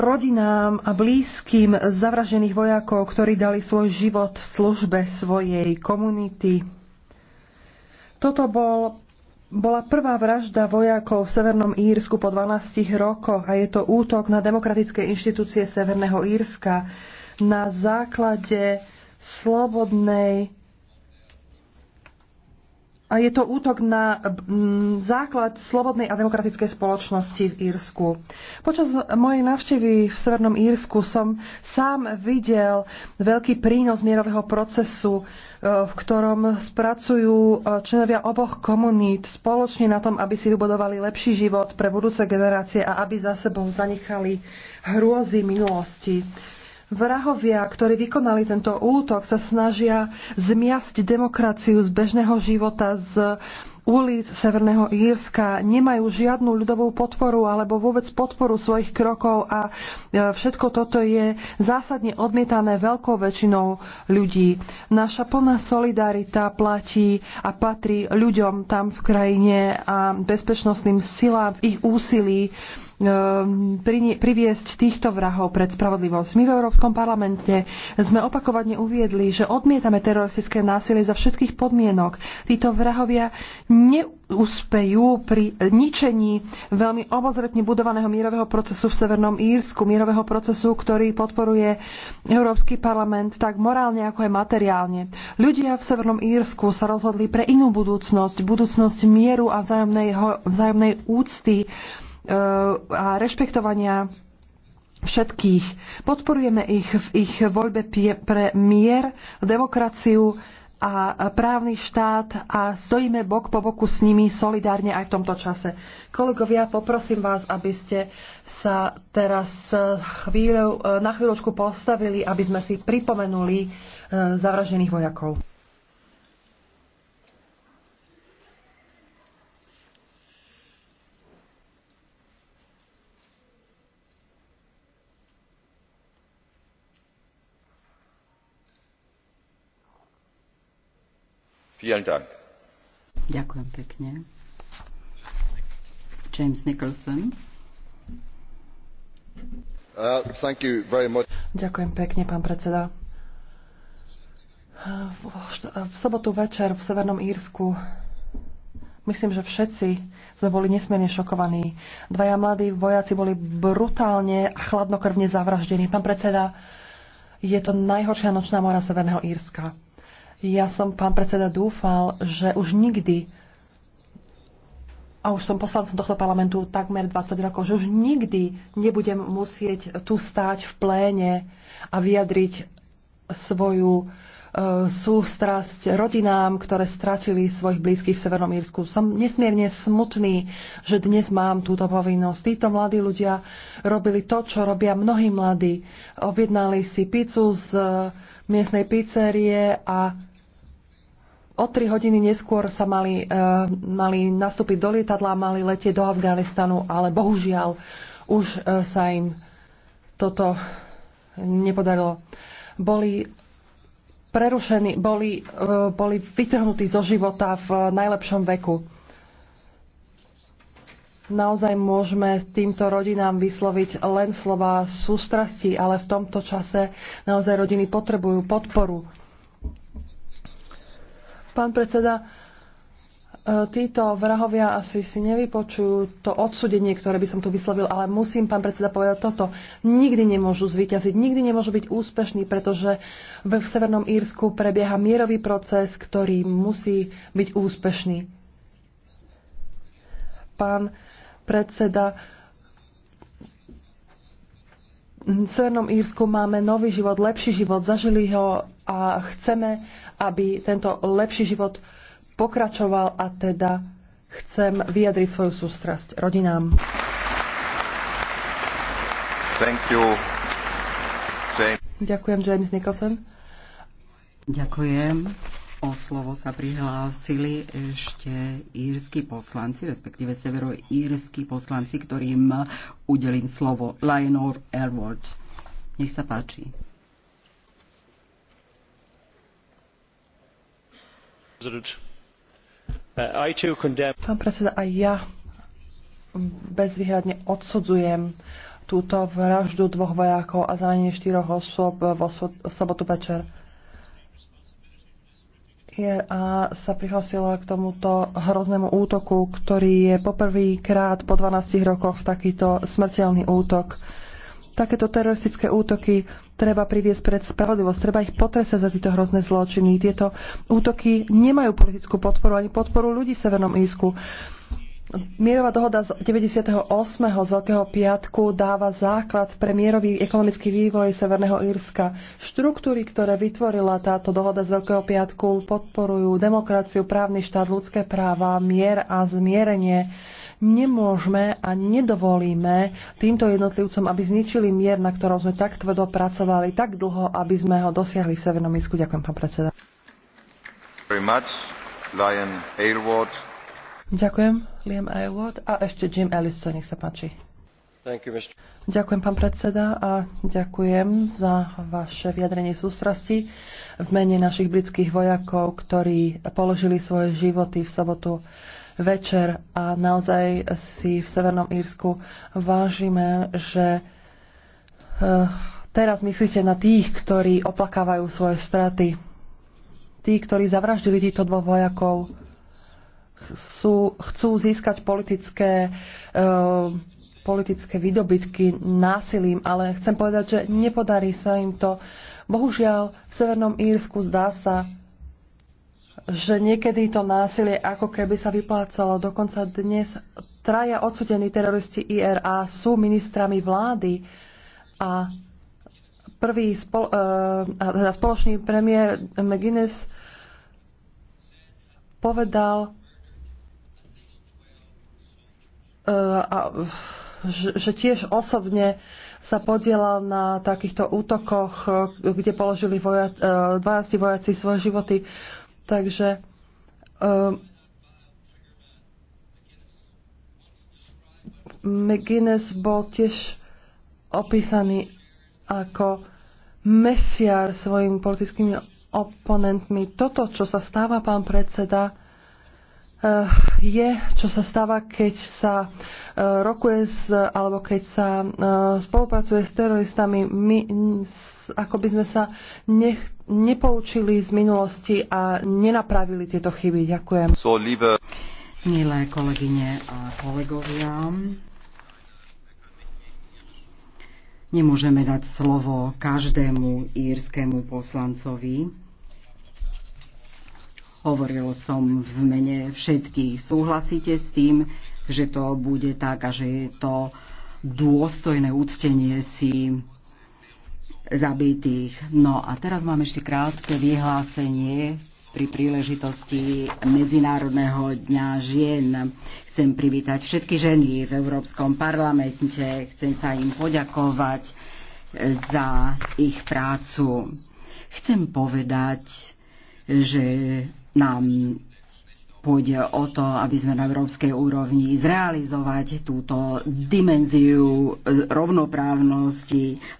rodinám a blízkym zavražených vojakov, ktorí dali svoj život v službe svojej komunity. Toto bol, bola prvá vražda vojakov v Severnom Írsku po 12 rokoch a je to útok na demokratické inštitúcie Severného Írska na základe slobodnej a je to útok na základ slobodnej a demokratickej spoločnosti v Írsku. Počas mojej návštevy v Severnom Írsku som sám videl veľký prínos mierového procesu, e, v ktorom spracujú e, členovia oboch komunít spoločne na tom, aby si vybudovali lepší život pre budúce generácie a aby za sebou zanechali hrôzy minulosti. Vrahovia, ktorí vykonali tento útok, sa snažia zmiasť demokraciu z bežného života, z ulic Severného Írska nemajú žiadnu ľudovú podporu alebo vôbec podporu svojich krokov a e, všetko toto je zásadne odmietané veľkou väčšinou ľudí. Naša plná solidarita platí a patrí ľuďom tam v krajine a bezpečnostným silám v ich úsilí e, priviesť týchto vrahov pred spravodlivosť. My v Európskom parlamente sme opakovane uviedli, že odmietame teroristické násilie za všetkých podmienok. Títo vrahovia neúspejú pri ničení veľmi obozretne budovaného mírového procesu v Severnom Írsku, mírového procesu, ktorý podporuje Európsky parlament tak morálne, ako aj materiálne. Ľudia v Severnom Írsku sa rozhodli pre inú budúcnosť, budúcnosť mieru a vzájomnej, vzájomnej úcty e, a rešpektovania všetkých. Podporujeme ich v ich voľbe pre mier, demokraciu, a právny štát a stojíme bok po boku s nimi solidárne aj v tomto čase. Kolegovia, poprosím vás, aby ste sa teraz eh, chvíľu, eh, na chvíľočku postavili, aby sme si pripomenuli eh, zavražených vojakov. Vielen Dank. Ďakujem pekne. James Nicholson. Uh, thank you very much. Ďakujem pekne, pán predseda. V sobotu večer v Severnom Írsku myslím, že všetci sme boli nesmierne šokovaní. Dvaja mladí vojaci boli brutálne a chladnokrvne zavraždení. Pán predseda, je to najhoršia nočná mora Severného Írska ja som, pán predseda, dúfal, že už nikdy a už som poslancom tohto parlamentu takmer 20 rokov, že už nikdy nebudem musieť tu stáť v pléne a vyjadriť svoju e, sústrasť rodinám, ktoré stratili svojich blízkych v Severnom Írsku. Som nesmierne smutný, že dnes mám túto povinnosť. Títo mladí ľudia robili to, čo robia mnohí mladí. Objednali si pizzu z e, miestnej pizzerie a o tri hodiny neskôr sa mali, eh, mali nastúpiť do lietadla, mali letieť do Afganistanu, ale bohužiaľ už eh, sa im toto nepodarilo. Boli prerušení, boli, eh, boli vytrhnutí zo života v najlepšom veku. Naozaj môžeme týmto rodinám vysloviť len slova sústrasti, ale v tomto čase naozaj rodiny potrebujú podporu pán predseda. E, títo vrahovia asi si nevypočujú to odsudenie, ktoré by som tu vyslovil, ale musím, pán predseda, povedať toto. Nikdy nemôžu zvíťaziť, nikdy nemôžu byť úspešní, pretože v Severnom Írsku prebieha mierový proces, ktorý musí byť úspešný. Pán predseda, Severnom Írsku máme nový život, lepší život, zažili ho a chceme, aby tento lepší život pokračoval a teda chcem vyjadriť svoju sústrasť rodinám. Thank you. James. Ďakujem, James Nicholson. Ďakujem. O slovo sa prihlásili ešte írsky poslanci, respektíve severoírsky poslanci, ktorým udelím slovo. Lionor Elwood. Nech sa páči. Pán predseda, aj ja bezvýhradne odsudzujem túto vraždu dvoch vojakov a zranenie štyroch osôb vo sobotu večer. A sa prihlasila k tomuto hroznému útoku, ktorý je poprvýkrát po 12 rokoch takýto smrteľný útok. Takéto teroristické útoky treba priviesť pred spravodlivosť, treba ich potresať za tieto hrozné zločiny. Tieto útoky nemajú politickú podporu ani podporu ľudí v Severnom Ísku. Mierová dohoda z 98. z Veľkého piatku dáva základ pre mierový ekonomický vývoj Severného Írska. Štruktúry, ktoré vytvorila táto dohoda z Veľkého piatku, podporujú demokraciu, právny štát, ľudské práva, mier a zmierenie. Nemôžeme a nedovolíme týmto jednotlivcom, aby zničili mier, na ktorom sme tak tvrdo pracovali, tak dlho, aby sme ho dosiahli v Severnom Írsku. Ďakujem, pán predseda. Very much. Lion Ďakujem, Liam Aylward a ešte Jim Ellison, nech sa páči. You, ďakujem, pán predseda, a ďakujem za vaše vyjadrenie sústrasti v mene našich britských vojakov, ktorí položili svoje životy v sobotu večer a naozaj si v Severnom Írsku vážime, že eh, teraz myslíte na tých, ktorí oplakávajú svoje straty. Tí, ktorí zavraždili týchto dvoch vojakov, sú, chcú získať politické, e, politické výdobytky násilím, ale chcem povedať, že nepodarí sa im to. Bohužiaľ, v Severnom Írsku zdá sa, že niekedy to násilie ako keby sa vyplácalo. Dokonca dnes traja odsudení teroristi IRA sú ministrami vlády a prvý spol, uh, spoločný premiér McGuinness povedal, E, a že tiež osobne sa podielal na takýchto útokoch, e, kde položili voja, 12 e, vojaci svoje životy. Takže um, McGuinness bol tiež opísaný ako mesiar svojimi politickými oponentmi. Toto, čo sa stáva, pán predseda, Eh, je, čo sa stáva, keď sa eh, rokuje s, alebo keď sa eh, spolupracuje s teroristami. My ako by sme sa nech, nepoučili z minulosti a nenapravili tieto chyby. Ďakujem. So, liebe... Milé kolegyne a kolegovia, nemôžeme dať slovo každému írskému poslancovi, Hovoril som v mene všetkých. Súhlasíte s tým, že to bude tak a že je to dôstojné úctenie si zabitých. No a teraz mám ešte krátke vyhlásenie pri príležitosti Medzinárodného dňa žien. Chcem privítať všetky ženy v Európskom parlamente, chcem sa im poďakovať za ich prácu. Chcem povedať, že nám pôjde o to, aby sme na európskej úrovni zrealizovať túto dimenziu e, rovnoprávnosti.